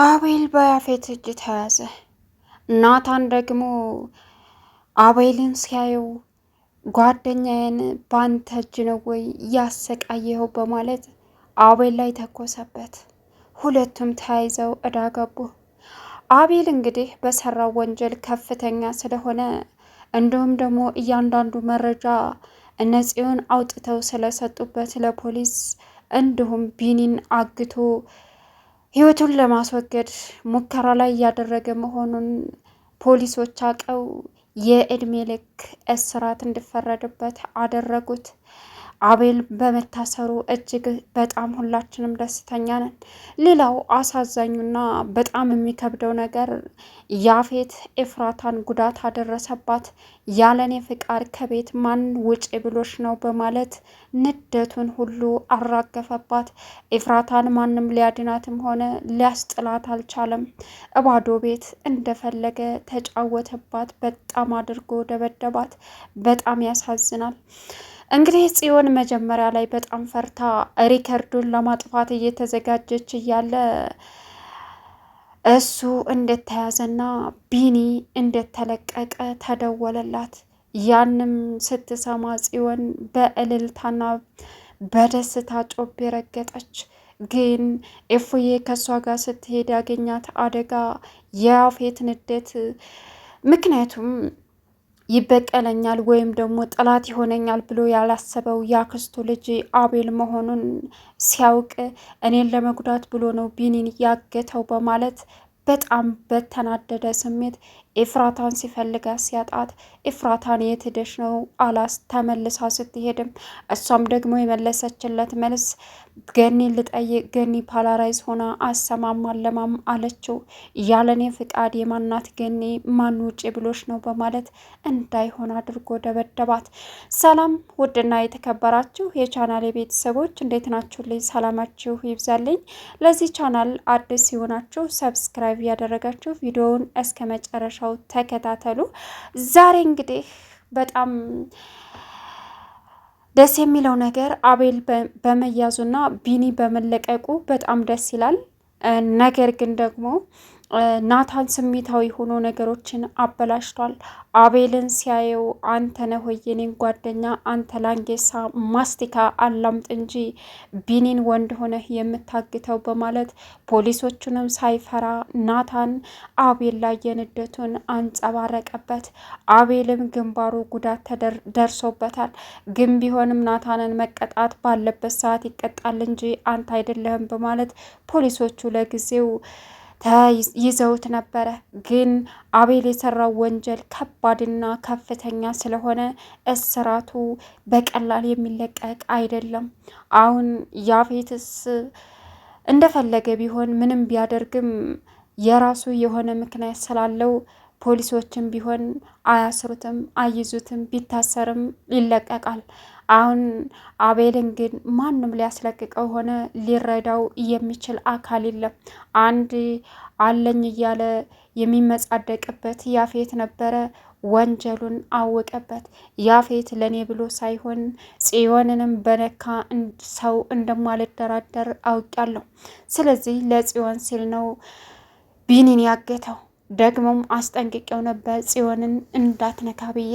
አቤል በያፌት እጅ ተያዘ። ናታን ደግሞ አቤልን ሲያየው ጓደኛዬን ባንተ እጅ ነው ወይ ያሰቃየኸው በማለት አቤል ላይ ተኮሰበት። ሁለቱም ተያይዘው እዳ ገቡ። አቤል እንግዲህ በሰራው ወንጀል ከፍተኛ ስለሆነ እንዲሁም ደግሞ እያንዳንዱ መረጃ እነጽዮን አውጥተው ስለሰጡበት ለፖሊስ እንዲሁም ቢኒን አግቶ ህይወቱን ለማስወገድ ሙከራ ላይ እያደረገ መሆኑን ፖሊሶች አቀው የእድሜ ልክ እስራት እንዲፈረድበት አደረጉት። አቤል በመታሰሩ እጅግ በጣም ሁላችንም ደስተኛ ነን። ሌላው አሳዛኙና በጣም የሚከብደው ነገር ያፌት ኤፍራታን ጉዳት አደረሰባት። ያለኔ ፍቃድ ከቤት ማን ውጪ ብሎች ነው በማለት ንደቱን ሁሉ አራገፈባት። ኤፍራታን ማንም ሊያድናትም ሆነ ሊያስጥላት አልቻለም። እባዶ ቤት እንደፈለገ ተጫወተባት። በጣም አድርጎ ደበደባት። በጣም ያሳዝናል። እንግዲህ ጽዮን መጀመሪያ ላይ በጣም ፈርታ ሪከርዱን ለማጥፋት እየተዘጋጀች እያለ እሱ እንደተያዘና ቢኒ እንደተለቀቀ ተደወለላት። ያንም ስትሰማ ጽዮን በእልልታና በደስታ ጮቤ ረገጠች። ግን ኤፉዬ ከእሷ ጋር ስትሄድ ያገኛት አደጋ የያፌት ንዴት ምክንያቱም ይበቀለኛል ወይም ደግሞ ጠላት ይሆነኛል ብሎ ያላሰበው የአክስቱ ልጅ አቤል መሆኑን ሲያውቅ እኔን ለመጉዳት ብሎ ነው ቢኒን ያገተው በማለት በጣም በተናደደ ስሜት ኤፍራታን ሲፈልጋ ሲያጣት ኤፍራታን የት ሄደሽ ነው አላስ ተመልሳ ስትሄድም እሷም ደግሞ የመለሰችለት መልስ ገኒ ልጠይቅ ገኒ ፓላራይዝ ሆና አሰማም አለማም አለችው። ያለኔ ፍቃድ የማናት ገኒ ማን ውጭ ብሎች ነው በማለት እንዳይሆን አድርጎ ደበደባት። ሰላም ውድና የተከበራችሁ የቻናል የቤተሰቦች እንዴት ናችሁልኝ? ሰላማችሁ ይብዛልኝ። ለዚህ ቻናል አዲስ ሲሆናችሁ ሰብስክራይብ ያደረጋችሁ ቪዲዮውን እስከ መጨረሻ መጨረሻው ተከታተሉ። ዛሬ እንግዲህ በጣም ደስ የሚለው ነገር አቤል በመያዙና ቢኒ በመለቀቁ በጣም ደስ ይላል። ነገር ግን ደግሞ ናታን ስሜታዊ ሆኖ ነገሮችን አበላሽቷል። አቤልን ሲያየው አንተ ነህ ወይ የኔን ጓደኛ አንተ ላንጌሳ ማስቲካ አላምጥ እንጂ ቢኒን ወንድ ሆነህ የምታግተው በማለት ፖሊሶቹንም ሳይፈራ ናታን አቤል ላይ የንደቱን አንጸባረቀበት። አቤልም ግንባሩ ጉዳት ደርሶበታል። ግን ቢሆንም ናታንን መቀጣት ባለበት ሰዓት ይቀጣል እንጂ አንተ አይደለህም በማለት ፖሊሶቹ ለጊዜው ተይዘውት ነበረ። ግን አቤል የሰራው ወንጀል ከባድና ከፍተኛ ስለሆነ እስራቱ በቀላል የሚለቀቅ አይደለም። አሁን ያፌትስ እንደፈለገ ቢሆን ምንም ቢያደርግም የራሱ የሆነ ምክንያት ስላለው ፖሊሶችም ቢሆን አያስሩትም፣ አይዙትም። ቢታሰርም ይለቀቃል። አሁን አቤልን ግን ማንም ሊያስለቅቀው ሆነ ሊረዳው የሚችል አካል የለም። አንድ አለኝ እያለ የሚመጻደቅበት ያፌት ነበረ። ወንጀሉን አወቀበት። ያፌት ለእኔ ብሎ ሳይሆን ጽዮንንም በነካ ሰው እንደማልደራደር አውቃለሁ። ስለዚህ ለጽዮን ሲል ነው ቢኒን ያገተው። ደግሞም አስጠንቅቄው ነበር ጽዮንን እንዳትነካ ብዬ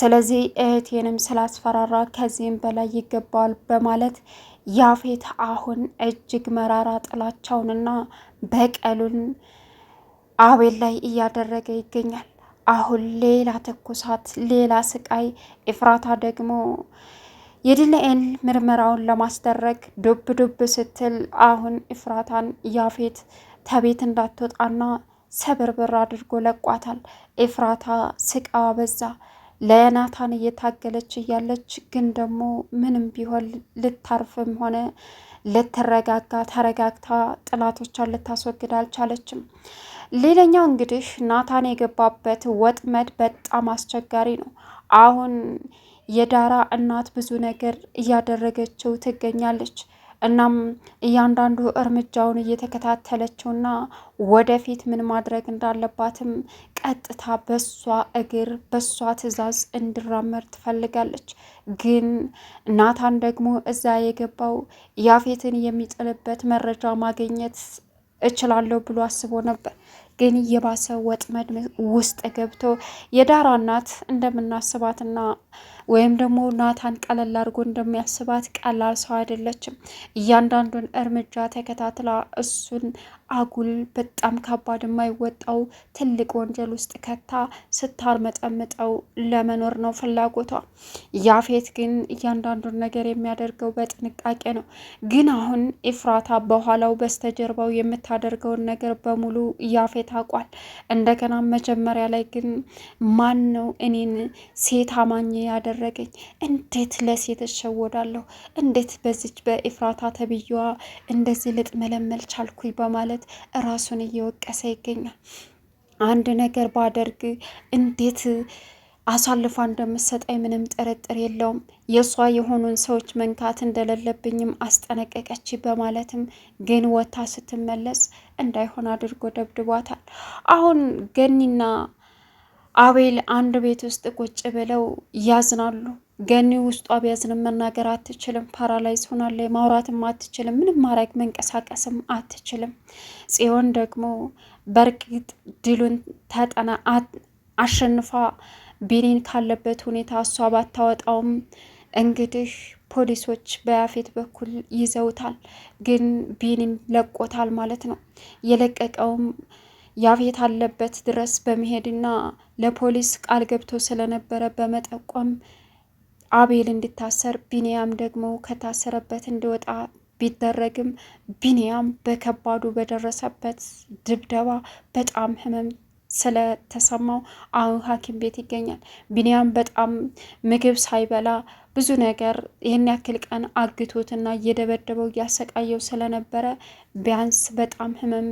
ስለዚህ እህቴንም ስላስፈራራ ከዚህም በላይ ይገባዋል በማለት ያፌት አሁን እጅግ መራራ ጥላቻውንና በቀሉን አቤል ላይ እያደረገ ይገኛል። አሁን ሌላ ትኩሳት፣ ሌላ ስቃይ። ኤፍራታ ደግሞ የዲኤንኤ ምርመራውን ለማስደረግ ዱብ ዱብ ስትል አሁን ኤፍራታን ያፌት ተቤት እንዳትወጣና ሰብርብር አድርጎ ለቋታል። ኤፍራታ ስቃዋ በዛ። ለናታን እየታገለች እያለች ግን ደግሞ ምንም ቢሆን ልታርፍም ሆነ ልትረጋጋ ተረጋግታ ጥላቶቿን ልታስወግድ አልቻለችም። ሌላኛው እንግዲህ ናታን የገባበት ወጥመድ በጣም አስቸጋሪ ነው። አሁን የዳራ እናት ብዙ ነገር እያደረገችው ትገኛለች። እናም እያንዳንዱ እርምጃውን እየተከታተለችውና ወደፊት ምን ማድረግ እንዳለባትም ቀጥታ በሷ እግር በሷ ትዕዛዝ እንዲራመድ ትፈልጋለች። ግን ናታን ደግሞ እዛ የገባው ያፌትን የሚጥልበት መረጃ ማግኘት እችላለሁ ብሎ አስቦ ነበር። ግን የባሰ ወጥመድ ውስጥ ገብቶ የዳራ እናት እንደምናስባትና ወይም ደግሞ ናታን ቀለል አድርጎ እንደሚያስባት ቀላል ሰው አይደለችም። እያንዳንዱን እርምጃ ተከታትላ እሱን አጉል በጣም ከባድ የማይወጣው ትልቅ ወንጀል ውስጥ ከታ ስታርመጠምጠው ለመኖር ነው ፍላጎቷ። ያፌት ግን እያንዳንዱን ነገር የሚያደርገው በጥንቃቄ ነው። ግን አሁን ኢፍራታ በኋላው በስተጀርባው የምታደርገውን ነገር በሙሉ ያፌት አውቋል። እንደገና መጀመሪያ ላይ ግን ማን ነው እኔን ሴት አማኝ ያደ አደረገኝ። እንዴት ለሴት እሸወዳለሁ? እንዴት በዚች በኢፍራታ ተብዬዋ እንደዚህ ልጥ መለመል ቻልኩኝ? በማለት ራሱን እየወቀሰ ይገኛል። አንድ ነገር ባደርግ እንዴት አሳልፏ እንደምሰጠኝ ምንም ጥርጥር የለውም። የእሷ የሆኑን ሰዎች መንካት እንደሌለብኝም አስጠነቀቀች። በማለትም ግን ወታ ስትመለስ እንዳይሆን አድርጎ ደብድቧታል። አሁን ገኒና አቤል አንድ ቤት ውስጥ ቁጭ ብለው ያዝናሉ። ገኒ ውስጧ ቢያዝንም መናገር አትችልም። ፓራላይዝ ሆናለች። ማውራትም አትችልም። ምንም ማድረግ መንቀሳቀስም አትችልም። ጽዮን ደግሞ በእርግጥ ድሉን ተጠና አሸንፋ ቢኒን ካለበት ሁኔታ እሷ ባታወጣውም እንግዲህ ፖሊሶች በያፌት በኩል ይዘውታል፣ ግን ቢኒን ለቆታል ማለት ነው የለቀቀውም ያፌት አለበት ድረስ በመሄድና ለፖሊስ ቃል ገብቶ ስለነበረ በመጠቆም አቤል እንዲታሰር ቢንያም ደግሞ ከታሰረበት እንዲወጣ ቢደረግም ቢንያም በከባዱ በደረሰበት ድብደባ በጣም ህመም ስለተሰማው አሁን ሐኪም ቤት ይገኛል። ቢንያም በጣም ምግብ ሳይበላ ብዙ ነገር ይህን ያክል ቀን አግቶትና እየደበደበው እያሰቃየው ስለነበረ ቢያንስ በጣም ህመም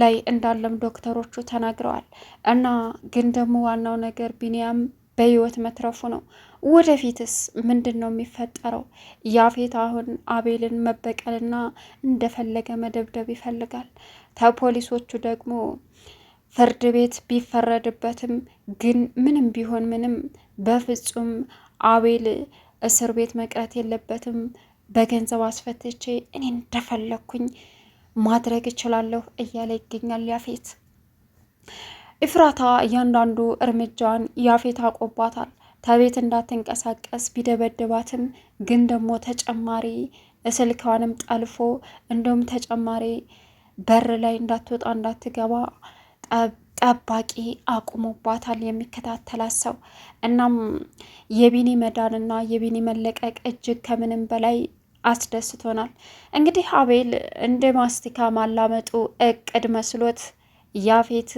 ላይ እንዳለም ዶክተሮቹ ተናግረዋል። እና ግን ደግሞ ዋናው ነገር ቢኒያም በህይወት መትረፉ ነው። ወደፊትስ ምንድን ነው የሚፈጠረው? ያፌት አሁን አቤልን መበቀልና እንደፈለገ መደብደብ ይፈልጋል። ከፖሊሶቹ ደግሞ ፍርድ ቤት ቢፈረድበትም ግን ምንም ቢሆን ምንም በፍጹም አቤል እስር ቤት መቅረት የለበትም። በገንዘብ አስፈትቼ እኔ እንደፈለግኩኝ ማድረግ እችላለሁ እያለ ይገኛል ያፌት። እፍራታ እያንዳንዱ እርምጃዋን ያፌት አቆባታል። ከቤት እንዳትንቀሳቀስ ቢደበድባትም ግን ደግሞ ተጨማሪ ስልክዋንም ጠልፎ እንዲሁም ተጨማሪ በር ላይ እንዳትወጣ እንዳትገባ ጠባቂ አቁሞባታል፣ የሚከታተላት ሰው። እናም የቢኒ መዳንና የቢኒ መለቀቅ እጅግ ከምንም በላይ አስደስቶናል። እንግዲህ አቤል እንደ ማስቲካ ማላመጡ እቅድ መስሎት ያፌት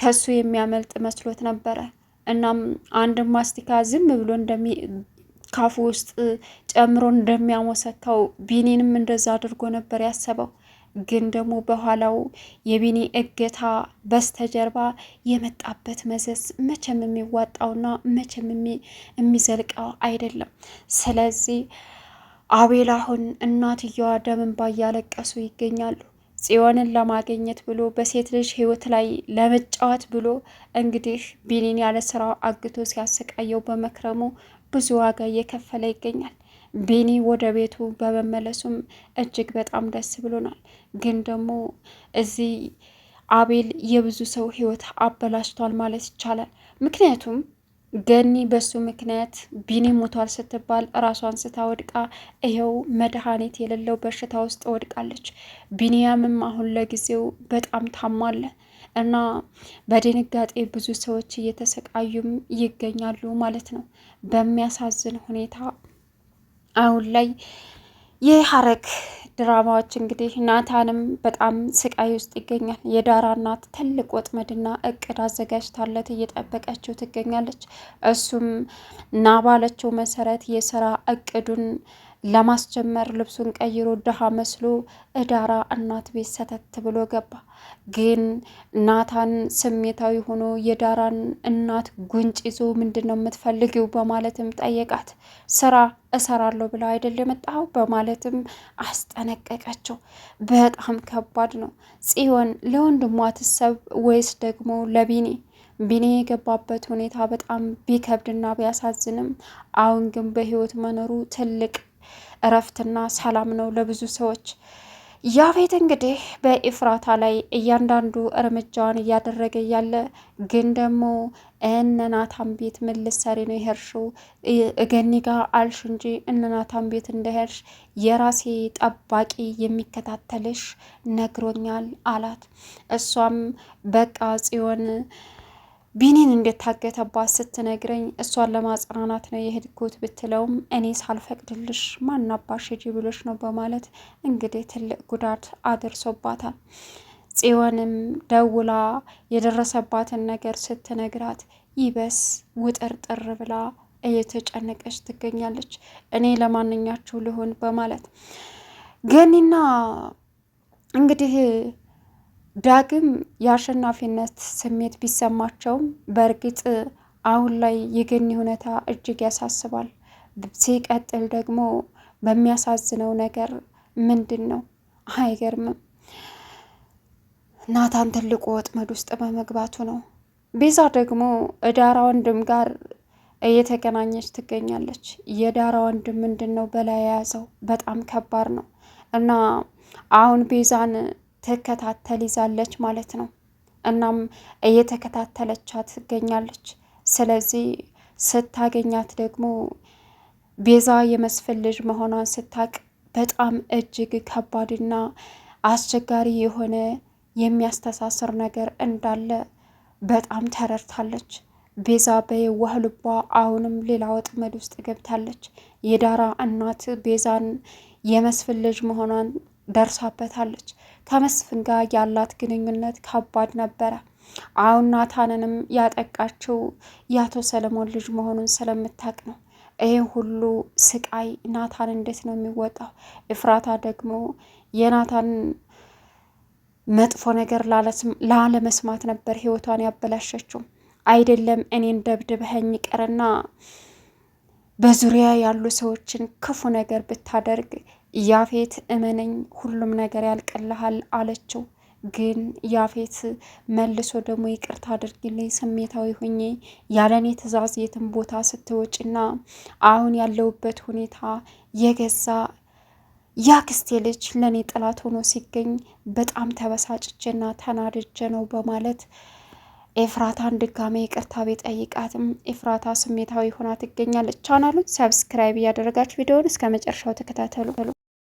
ከሱ የሚያመልጥ መስሎት ነበረ። እናም አንድ ማስቲካ ዝም ብሎ እንደሚ ካፉ ውስጥ ጨምሮ እንደሚያሞሰካው ቢኒንም እንደዛ አድርጎ ነበር ያሰበው። ግን ደግሞ በኋላው የቢኒ እገታ በስተጀርባ የመጣበት መዘዝ መቼም የሚዋጣውና መቼም የሚዘልቀው አይደለም። ስለዚህ አቤል አሁን እናትየዋ ደምን ባያለቀሱ እያለቀሱ ይገኛሉ። ጽዮንን ለማገኘት ብሎ በሴት ልጅ ህይወት ላይ ለመጫወት ብሎ እንግዲህ ቢኒን ያለ ስራው አግቶ ሲያሰቃየው በመክረሙ ብዙ ዋጋ እየከፈለ ይገኛል። ቢኒ ወደ ቤቱ በመመለሱም እጅግ በጣም ደስ ብሎናል። ግን ደግሞ እዚህ አቤል የብዙ ሰው ህይወት አበላሽቷል ማለት ይቻላል። ምክንያቱም ገኒ በሱ ምክንያት ቢኒ ሞቷል ስትባል ራሷን ስታወድቃ ይኸው መድኃኒት የሌለው በሽታ ውስጥ ወድቃለች። ቢኒያምም አሁን ለጊዜው በጣም ታማለ እና በድንጋጤ ብዙ ሰዎች እየተሰቃዩም ይገኛሉ ማለት ነው። በሚያሳዝን ሁኔታ አሁን ላይ ይህ ድራማዎች እንግዲህ ናታንም በጣም ስቃይ ውስጥ ይገኛል። የዳራ እናት ትልቅ ወጥመድና እቅድ አዘጋጅታለት እየጠበቀችው ትገኛለች። እሱም ና ባለችው መሰረት የስራ እቅዱን ለማስጀመር ልብሱን ቀይሮ ድሃ መስሎ እዳራ እናት ቤት ሰተት ብሎ ገባ። ግን ናታን ስሜታዊ ሆኖ የዳራን እናት ጉንጭ ይዞ ምንድን ነው የምትፈልጊው በማለትም ጠየቃት። ስራ እሰራለሁ ብለ አይደል የመጣው በማለትም አስጠነቀቀችው። በጣም ከባድ ነው ጽዮን ለወንድሟ ትሰብ ወይስ ደግሞ ለቢኔ ቢኔ የገባበት ሁኔታ በጣም ቢከብድና ቢያሳዝንም አሁን ግን በህይወት መኖሩ ትልቅ እረፍትና ሰላም ነው ለብዙ ሰዎች። ያፌት እንግዲህ በኢፍራታ ላይ እያንዳንዱ እርምጃዋን እያደረገ እያለ ግን ደግሞ እነናታን ቤት ምን ልትሰሪ ነው የሄድሽው? እገኒ ጋር አልሽ እንጂ እነናታን ቤት እንደሄድሽ የራሴ ጠባቂ የሚከታተልሽ ነግሮኛል አላት። እሷም በቃ ጽዮን ቢኒን እንደታገተባት ስትነግረኝ እሷን ለማጽናናት ነው የሄድኩት ብትለውም እኔ ሳልፈቅድልሽ ማናባሽ ሂጂ ብሎች ነው በማለት እንግዲህ ትልቅ ጉዳት አድርሶባታል። ጽዮንም ደውላ የደረሰባትን ነገር ስትነግራት ይበስ ውጥርጥር ብላ እየተጨነቀች ትገኛለች። እኔ ለማንኛችሁ ልሆን በማለት ገኒና እንግዲህ ዳግም የአሸናፊነት ስሜት ቢሰማቸውም በእርግጥ አሁን ላይ የገኒ ሁኔታ እጅግ ያሳስባል። ሲቀጥል ደግሞ በሚያሳዝነው ነገር ምንድን ነው አይገርምም፣ ናታን ትልቁ ወጥመድ ውስጥ በመግባቱ ነው። ቤዛ ደግሞ እዳራ ወንድም ጋር እየተገናኘች ትገኛለች። የዳራ ወንድም ምንድን ነው በላይ የያዘው በጣም ከባድ ነው እና አሁን ቤዛን ትከታተል ይዛለች ማለት ነው። እናም እየተከታተለቻት ትገኛለች። ስለዚህ ስታገኛት ደግሞ ቤዛ የመስፍን ልጅ መሆኗን ስታቅ በጣም እጅግ ከባድና አስቸጋሪ የሆነ የሚያስተሳስር ነገር እንዳለ በጣም ተረድታለች። ቤዛ በየዋህ ልቧ አሁንም ሌላ ወጥመድ ውስጥ ገብታለች። የዳራ እናት ቤዛን የመስፍን ልጅ መሆኗን ደርሳበታለች። ከመስፍን ጋር ያላት ግንኙነት ከባድ ነበረ። አሁን ናታንንም ያጠቃችው የአቶ ሰለሞን ልጅ መሆኑን ስለምታውቅ ነው። ይህን ሁሉ ስቃይ ናታን እንዴት ነው የሚወጣው? እፍራታ ደግሞ የናታን መጥፎ ነገር ላለመስማት ነበር ህይወቷን ያበላሸችው። አይደለም እኔን ደብድበኸኝ ይቅርና በዙሪያ ያሉ ሰዎችን ክፉ ነገር ብታደርግ ያፌት እመነኝ ሁሉም ነገር ያልቅልሃል አለችው። ግን ያፌት መልሶ ደግሞ ይቅርታ አድርጊልኝ፣ ስሜታዊ ሁኜ ያለኔ ትዕዛዝ የትም ቦታ ስትወጪና አሁን ያለውበት ሁኔታ የገዛ ያክስቴ ልጅ ለእኔ ጥላት ሆኖ ሲገኝ በጣም ተበሳጭቼና ተናድጄ ነው በማለት ኤፍራታን ድጋሜ ይቅርታ ቢጠይቃትም ኤፍራታ ስሜታዊ ሆና ትገኛለች። ቻናሉን ሰብስክራይብ እያደረጋችሁ ቪዲዮውን እስከ መጨረሻው ተከታተሉ።